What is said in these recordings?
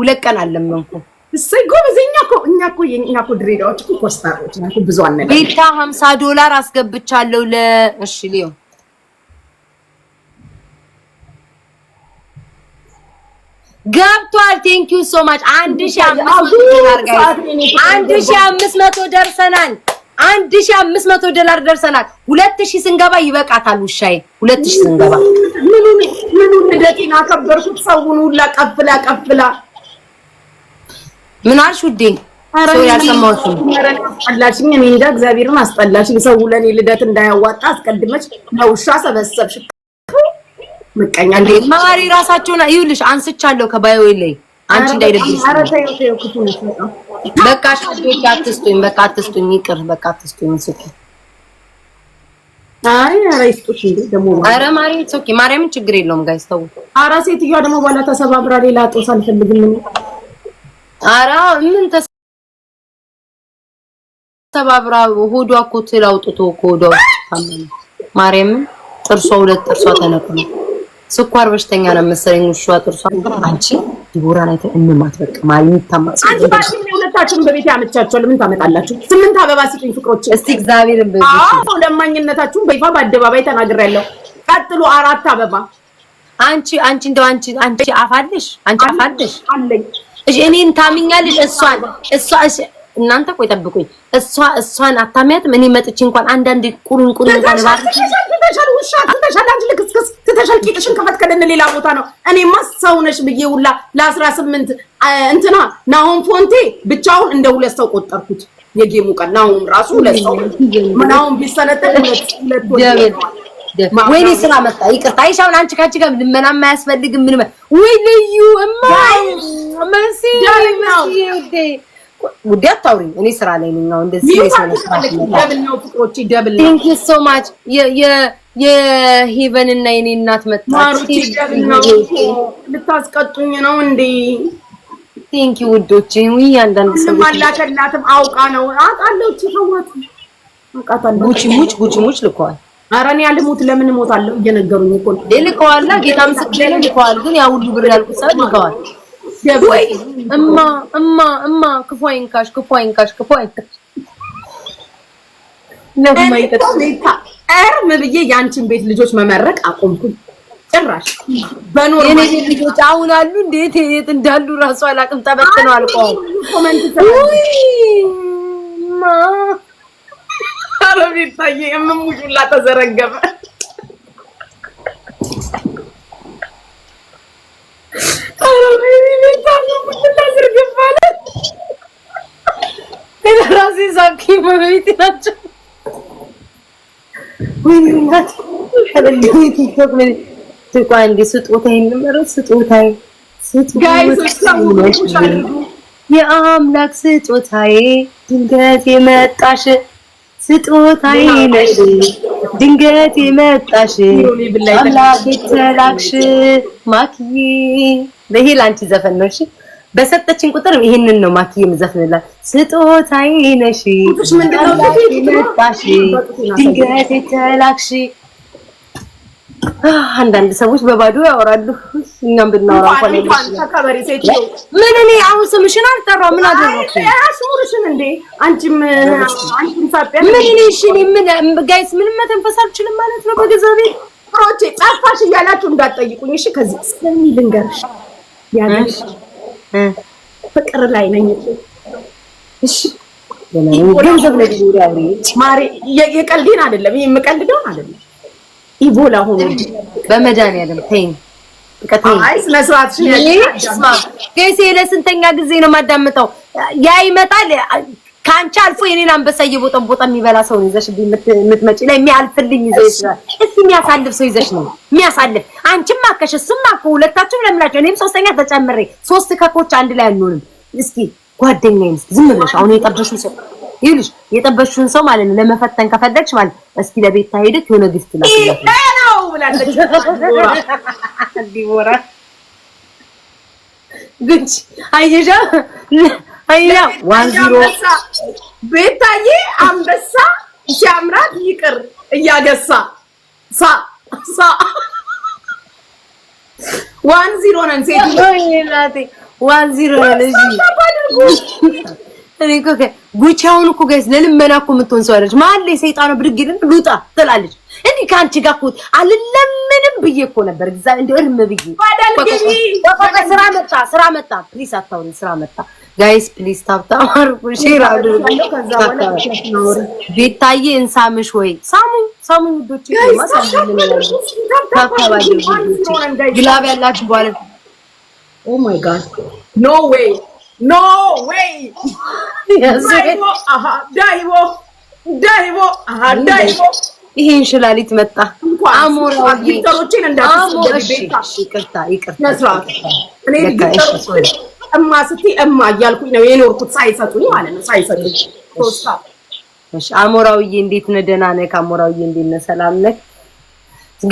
ሁለት ቀን አለመንኩ። እሰይ ጎበዝ። እኛ እኮ እኛ እኮ የኛ እኮ ድሬዳዎች እኮ ኮስታሮች ናቸው። ብዙ አነጋ ቤታ 50 ዶላር አስገብቻለሁ ለ እሺ ሊዮ ገብቷል። ቴንክ ዩ ሶ ማች 1500 ደርሰናል። አንድ ሺህ አምስት መቶ ዶላር ደርሰናል። ሁለት ሺህ ስንገባ ይበቃታል ውሻዬ። ሁለት ሺህ ስንገባ ምኑን ልደቴን አከበርኩት። ሰውን ሁላ ቀፍላ ቀፍላ ምን አልሽ ውዴ? ያልሰማሁትአስጠላሽኝ። እኔ እንጃ እግዚአብሔርን አስጠላሽኝ። ሰው ለእኔ ልደት እንዳያዋጣ አስቀድመች ለውሻ ሰበሰብሽ። ምቀኛ እንዴ ማሪ ራሳቸውን ይኸውልሽ አንስቻለሁ ከባዮ ላይ አንቺ እንዳይደብኝ በቃ ሽዶች አትስጡኝ። በቃ አትስጡኝ። ይቅር በቃ አትስጡኝ። ስጡ። አይ ኧረ ይስጡሽ እንዴ ደግሞ ኧረ ማርያም ሶኪ ማርያምን ችግር የለውም ጋይስ ተው። ኧረ ሴትዮዋ ደግሞ በኋላ ተሰባብራ ሌላ ጦስ አልፈልግም። አረ ምን ተሰባብራ ሆዷ እኮ ትል አውጥቶ እኮ ሆዷ ታመመ። ማርያምን ጥርሷ ሁለት ጥርሷ ተነቅሎ ስኳር በሽተኛ ነው መሰለኝ። እሷ ጥርሷ አንቺ ዲቦራ ላይ እንማት በቃ ማሪ ታማጽ አንቺ ባሽ ሁለታችሁም በቤት ያመቻችኋል። ምን ታመጣላችሁ? ስምንት አበባ ስጡኝ ፍቅሮች። እስቲ እግዚአብሔርን በዚህ ለማኝነታችሁም በይፋ በአደባባይ ተናግሬያለሁ። ቀጥሉ። አራት አበባ አንቺ አንቺ እንደው አንቺ አንቺ አፋለሽ አንቺ አፋለሽ አለኝ። እሺ እኔን ታምኛለሽ? እሷ እሷ እሺ እናንተ ቆይ ጠብቁኝ። እሷ እሷን አታሚያትም። እኔ መጥቼ እንኳን አንዳንድ ቁሩን ቁሩን እንኳን ትተሻል። ቂጥሽን ከፈት ከደን ሌላ ቦታ ነው። ብዬ ሁላ ለአስራ ስምንት እንትና ናሆም ፎንቴ ብቻውን እንደ ሁለት ሰው ቆጠርኩት። የጌሙ ቀን ናሆም ራሱ ሁለት ሰው ናሆም ሁለት ወይኔ ስራ መጣ። ይቅርታ አንቺ ካንቺ ጋር ልመና ምን ወይ ልዩ እማ መሲ ጉዳይ አታውሪ። እኔ ስራ ላይ ነኝ። አሁን እንደዚህ የሄቨን እና የኔ እናት መጣች። ልታስቀጡኝ ነው እንዴ? ወይ አንዳንድ ሰው አውቃ ነው ተዋት ጉቺ ጉቺ እኔ አልሞት ለምን እሞታለሁ? እየነገሩኝ እኮ ጌታ ምስክሬ ልከዋል። ግን ሁሉ ብር ያልኩት ልከዋል። ወይ እማ እማ እማ ክፉ አይንካሽ፣ ክፉ አይንካሽ፣ ክፉ አይንካሽ። እርም ብዬ የአንቺን ቤት ልጆች መመረቅ አቆምኩኝ። ጭራሽ በኖርማል ልጆች አሁን አሉ እንዴት የት እንዳሉ አላውቅም። ተበትነው ኧረ ቤታዬ የምሙሽ ሁላ ተዘረገፈ። ራሴ የአምላክ ስጦታዬ ድንገት የመጣሽ ስጦታዬ ነሽ፣ ድንገት የመጣሽ አምላክ የተላክሽ ማክዬ። ይሄ ለአንቺ ዘፈን ነው። በሰጠችን ቁጥር ይሄንን ነው ማኪ የምዘፍንላት። ስጦታዬ ነሽ ድንገት የተላክሽ። አንዳንድ ሰዎች በባዶ ያወራሉ። እኛም ብናወራ እንኳን ምን እኔ አሁን ስምሽን አልጠራ ምን አደረኩ? ስሙርሽን እንዴ አንቺም ምን እኔ ሽን ምን ጋይስ ምንም መተንፈስ አልችልም ማለት ነው በገዛ ቤት ሮቼ ጻፋሽ እያላችሁ እንዳትጠይቁኝ እሺ። ከዚህ ስለሚ ልንገርሽ ያለሽ ፍቅር ላይ ነኝ። እሺ ገንዘብ ላይ የቀልዴን አይደለም፣ ይሄ የምቀልደውን አይደለም። ኢቦላ ሆኖ በመድኃኒዓለም ተይኝ። አይ ስነ ለስንተኛ ጊዜ ነው የማዳምጠው? ያ ይመጣል ከአንቺ አልፎ የኔን አንበሳ እየቦጠቦጠ የሚበላ ሰውን ይዘሽ የምትመጪ ላይ የሚያልፍልኝ ይዘሽ ይችላል። እስኪ የሚያሳልፍ ሰው ይዘሽ ነው የሚያሳልፍ። አንቺም አከሽ እሱም አከ ሁለታችሁም ለምላቸው እኔም ሶስተኛ ተጨምሬ ሶስት ከኮች አንድ ላይ አንሆንም። እስኪ ጓደኛዬን ዝም ብለሽ አሁን የጠበሽው ሰው ይኸውልሽ የጠበሽውን ሰው ማለት ነው ለመፈተን ከፈለግሽ ማለት እስኪ ለቤት ሄደች የሆነ ግፍት ነው ነው ብላለች ዲቦራ ግንጭ አየሻ ቤታዬ አንበሳ ሲያምራት ይቅር እያገሳ ሳ ሳ ዋን ዚሮ ነን ሴት ዋን ዚሮ ነን። እኔ ጉቻውን እኮ ጋይስ ለልመና እኮ የምትሆን ሰው አለች። መሀል ላይ ሰይጣኗ ብድግ ይልና ሉጣ ትላለች። እኔ ከአንቺ ጋር እኮ አልለምንም ብዬ እኮ ነበር። እግዚአብሔር እንደው እርም ብዬ ስራ መጣ፣ ስራ መጣ። ፕሊስ ስራ መጣ። ጋይስ ሼር አድርጉ። ቤታዬ እንሳምሽ ወይ ሳሙ ሳሙ ውዶች፣ ግላብ ያላችሁ በኋላ ኦ ማይ ጋድ ኖ ዌይ ኖ ዌይ ዳይቦ ዳይቦ ዳይቦ ይሄ እንሽላሊት መጣ። ጊፍተሮችን እንዳትሰደቢ እማ ስትይ እማ እያልኩኝ ነው የኖርኩት ሳይሰጡኝ ማለት ነው። ሳይሰጡኝ አሞራውዬ እንዴት ነህ? ደህና ነህ? አሞራውዬ እንዴት ነህ? ሰላም ነህ?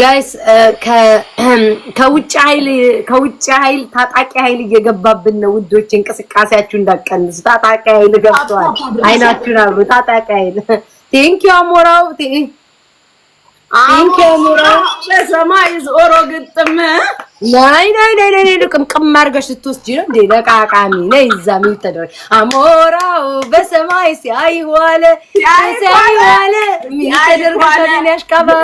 ጋይስ ከውጭ ኃይል ከውጭ ኃይል ታጣቂ ኃይል እየገባብን ነው ውዶች፣ እንቅስቃሴያችሁ እንዳቀንስ። ታጣቂ ኃይል ገብቷል። አይናችሁን አብሩ። ታጣቂ ኃይል ቴንኪው አሞራው ሰማይ ዞሮ ግጥም ናይ ናይ ናይ ናይ ቅምቅም አድርገሽ ስትወስጂ ነው እንዴ? ለቃቃሚ ነይ እዛ ምን ተደረገ? አሞራው በሰማይ ሲያይ ዋለ ሲያይ ዋለ ምን ተደርገሻል? እኔ አሽቃባጭ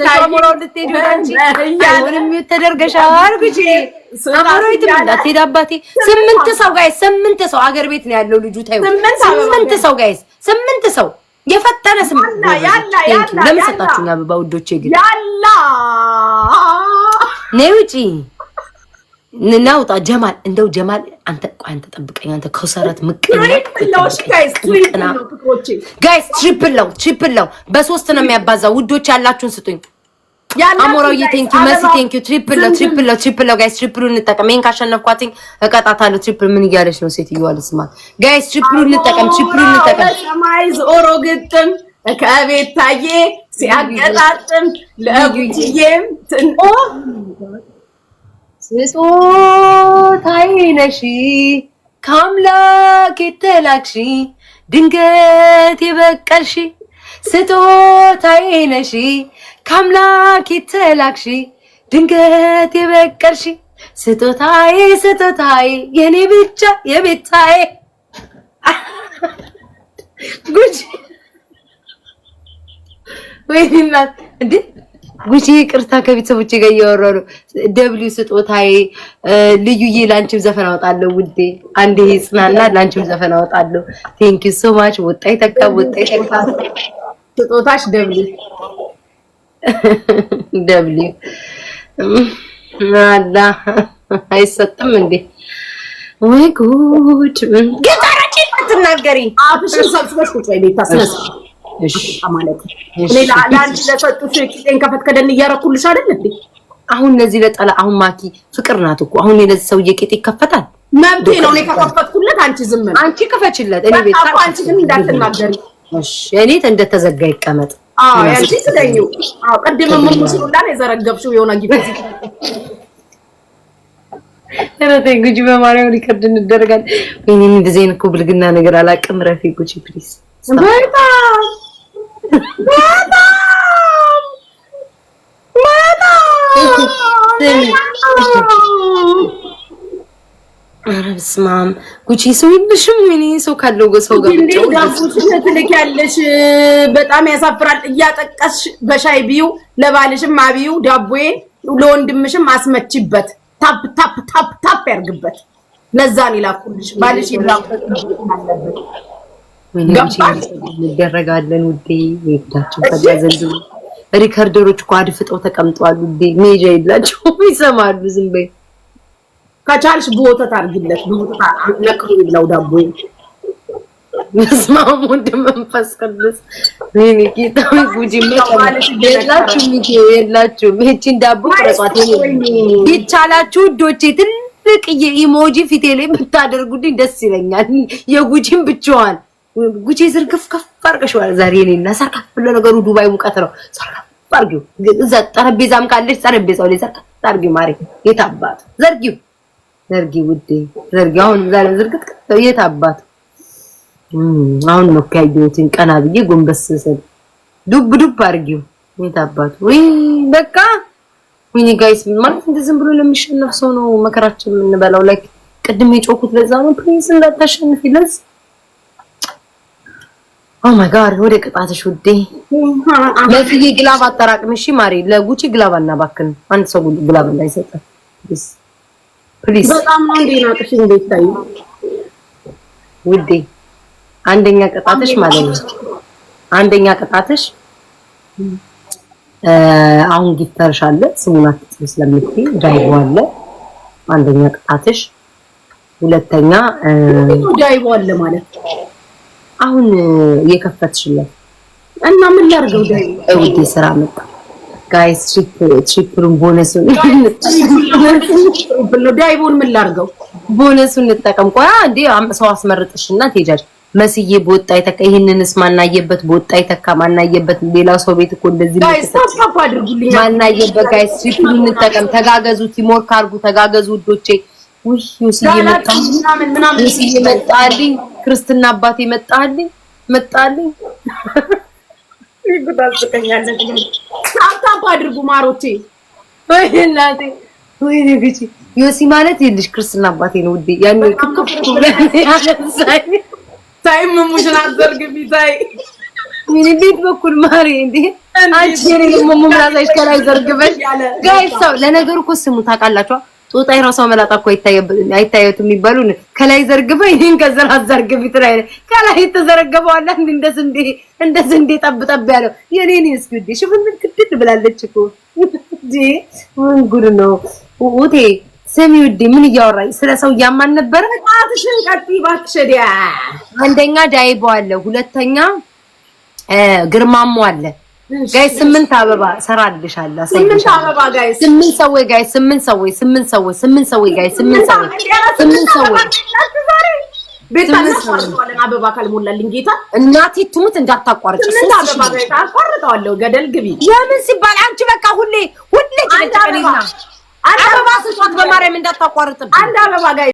ዘሽ አሞራው ልትሄጂ ነው እንጂ አይሆንም። ምን ተደርገሻል? ጉጂ አሞራው የትም እንዳትሄድ ስምንት ሰው ጋይስ፣ ስምንት ሰው አገር ቤት ነው ያለው ልጁ። ታዩ ስምንት ሰው ጋይስ፣ ስምንት ሰው የፈጠረ ስም ለምን ሰጣችሁኝ? አበባ ውዶቼ ግን ያላ ነይ ውጪ ናውጣ ጀማል፣ እንደው ጀማል አንተ ቆይ፣ አንተ ጠብቀኝ። አንተ ከውሰረት ምቀኛ ጋይስ፣ ትሪፕል ነው ትሪፕል ነው። በሶስት ነው የሚያባዛው። ውዶች ያላችሁን ስጡኝ። አሞራውዬ ቴንኪው፣ መሲ ቴንኪው። ትሪፕል ነው ትሪፕል ነው ትሪፕል ነው ጋይስ፣ ትሪፕሉ እንጠቀም። ይሄን ካሸነፍኳትኝ እቀጣታለሁ። ትሪፕል ምን እያለች ነው ሴትዮዋ? ልስማት ጋይስ፣ ትሪፕሉ እንጠቀም፣ ትሪፕሉ እንጠቀም። ሰማይ ዞሮ ግጥም ከቤት ታየ ሲያገጣጥም ለጉቺዬም ትንቆ ስጦታዬ ነሽ ከአምላክ የተላክሽ ድንገት የበቀልሽ ስጦታዬ ነሽ ከአምላክ የተላክሺ ድንገት የበቀልሺ ስጦታዬ ስጦታዬ የኔ ብቻ የቤታዬ ጉቺ ወይኔ እናት እንዴ! ቅርታ ከቤተሰቦቼ ጋር እያወራሁ ነው። ደብሊው ስጦታዬ ልዩዬ፣ ላንቺም ዘፈን አወጣለሁ ውዴ። አንዴ ጽናና፣ ላንቺም ዘፈን አወጣለሁ። ቴንኪ ሶ ማች ወጣይ ተካ ወጣይ ተካ ስጦታሽ ደብሊው ደብሊው አላ አይሰጥም እንዴ? ወይ ጉድ! ግን ታረቂ አትናገሪ። አፍሽን ሰብስበሽ ቁጭ በይ ቤታ። ማለት ሌላ ለአንቺ ለሰጡሽ ከፈት ከደን እያረኩልሽ አይደል እንዴ? አሁን እነዚህ ለጠላ አሁን ማኪ ፍቅር ናት እኮ አሁን የለዚህ ሰውዬ ቂጤ ይከፈታል። መብቴ ነው። እኔ ከከፈትኩለት አንቺ ዝም አንቺ ክፈችለት። እኔ ቤታ አንቺ ግን እንዳትናገሪ እኔ እንደተዘጋ ይቀመጥ አዎ ያንቺ ስለኝ አዎ ቀድመም ምስሉ እንዳለ የዘረገብሽው የሆነ ጊዜ ረቴ ጉጂ በማርያም ሪከርድ እንደረጋል። ወይኔ እንደዚህ እኮ ብልግና ነገር አላውቅም። ጉጂ ፕሊስ፣ በጣም በጣም በጣም ኧረ በስመ አብ ጉቺ ሰው የለሽም። እኔ ሰው ካለው ሰው ጋር ያለሽ በጣም ያሳፍራል። እያጠቀስሽ በሻይ ቢዩ፣ ለባልሽም አብዩ፣ ዳቦዬ ለወንድምሽም አስመችበት። ታፕ ታፕ ታፕ ታፕ ያርግበት። ለዛ ነው ይላኩልሽ። ባልሽ ይላኩልሽ አለበት። እንደረጋለን ውዴ። ይብታችሁ ፈዳዘንዱ ሪከርደሮች እኮ አድፍጠው ተቀምጠዋል ውዴ። ሜጃ የላቸውም ይሰማሉ። ዝም በይ ከቻልሽ በወተት አድርጊለት። በወተት ነክሩ ይብላው ዳቦ። መስማሙ እንደ መንፈስ ቅዱስ ይሄኔ ጌታ ጉጂ የላችሁ የላችሁ ይህቺን ዳቦ ቁረጧት። ይቻላችሁ ትልቅ የኢሞጂ ፊቴ ላይ ደስ ይለኛል። የጉጂን ብቻዋን ጉጂ ዝርግፍ ከፍ አድርገሽዋል ዛሬ እኔና ሰርካፍ ብሎ ዱባይ ሙቀት ነው። ሰርካፍ አድርጊው እዛ ጠረጴዛም ካለሽ ጠረጴዛው ላይ ሰርካፍ አድርጊው ማሬ የታባት ዘርጊው ዘርጊ ውዴ ዘርጊ። አሁን ዛሬም ዝርግት የት አባት አሁን ነው ያየሁትን ቀና ብዬ ጎንበስ ስል ዱብ ዱብ አድርጊው። የት አባት ወይ በቃ ሚኒ ጋይስ ማለት እንደ ዝም ብሎ ለሚሸነፍ ሰው ነው መከራችን የምንበላው። ላይክ ቅድም የጮኩት ለዛ ነው። ፕሊዝ እንዳታሸንፊ ለዚህ ኦ ማይ ጋድ ወደ ቅጣትሽ ውዴ። ለዚህ ግላብ አጠራቅምሽ ማሪ ለጉቺ ግላብ አናባክን። አንድ ሰው ግላብ እንዳይሰጠ ፕሊዝ በጣም ነው እንዴ ናቅሽ እንደታይ ውዴ፣ አንደኛ ቅጣትሽ ማለት ነው። አንደኛ ቅጣትሽ አሁን ጊታርሽ አለ ስሙን አትጥሪ ስለምትይ ዳይቦ አለ። አንደኛ ቅጣትሽ፣ ሁለተኛ ዳይቦ አለ ማለት አሁን የከፈትሽለት እና ምን ላድርገው ዳይቦ ውዴ፣ ስራ መጣ ጋይስ ትሪፕሩን ቦነሱን ዳይቦን ምን ላድርገው? ቦነሱን እንጠቀም። ሰው አስመርጥሽና ትሄጃለሽ። መስዬ በወጣ ይሄንንስ ማናየበት በወጣ ይተካ፣ ማናየበት ሌላ ሰው ቤት እኮ እንደዚህ ማናየበት። ጋይስ ትሪፕሩን እንጠቀም። ተጋገዙ፣ ቲሞር ካርጉ፣ ተጋገዙ ውዶቼ። ውይ መጣልኝ፣ ክርስትና አባቴ መጣልኝ፣ መጣልኝ። እንድትጋቡ አድርጉ። ማሮቼ ወይናቴ ወይ ንግጂ ዮሲ ማለት ይልሽ ክርስትና አባቴ ነው ውዴ። ያን ታይም ሙሽን አዘርግቢ ታይ ምን ቤት በኩል ማሪ እንዴ አንቺ የኔ ሙሙም ራሳሽ ከላይ ዘርግበሽ ጋይስ። ሰው ለነገሩ እኮ ስሙ ታውቃላችሁ ጦጣ የራሷ መላጣ እኮ አይታየትም የሚባሉ ከላይ ዘርግፈ ይህን ከዘራ ዘርግፍ ይትራይ ከላይ የተዘረገፈው አላ እንደ ስንዴ እንደ ስንዴ ጠብጠብ ያለው የኔን ስኩዲ ሽፍን ክትል ብላለች እኮ ዲ ምን ጉድ ነው ውቴ። ስሚ ውዴ፣ ምን እያወራኝ ስለ ሰው እያማን ነበረ። አትሽን ቀጥ ባክሸዲያ። አንደኛ ዳይቦ አለ፣ ሁለተኛ ግርማሞ አለ ጋይ ስምንት አበባ ሰራልሻለሁ። ስምንት አበባ ጋይ ስምንት ሰዎች ጋይ ስምንት ሰዎች ስምንት ሰዎች ስምንት ሰዎች ጋይ ስምንት ሰዎች ስምንት ሰዎች አበባ ካልሞላልኝ ጌታ እናቴ ትሙት እንዳታቋርጭ። ስምንት አበባ ጋይ ገደል ግቢ። የምን ሲባል አንቺ በቃ ሁሌ ሁሌ አንድ አበባ ስጧት፣ በማርያም አንድ አበባ ጋይ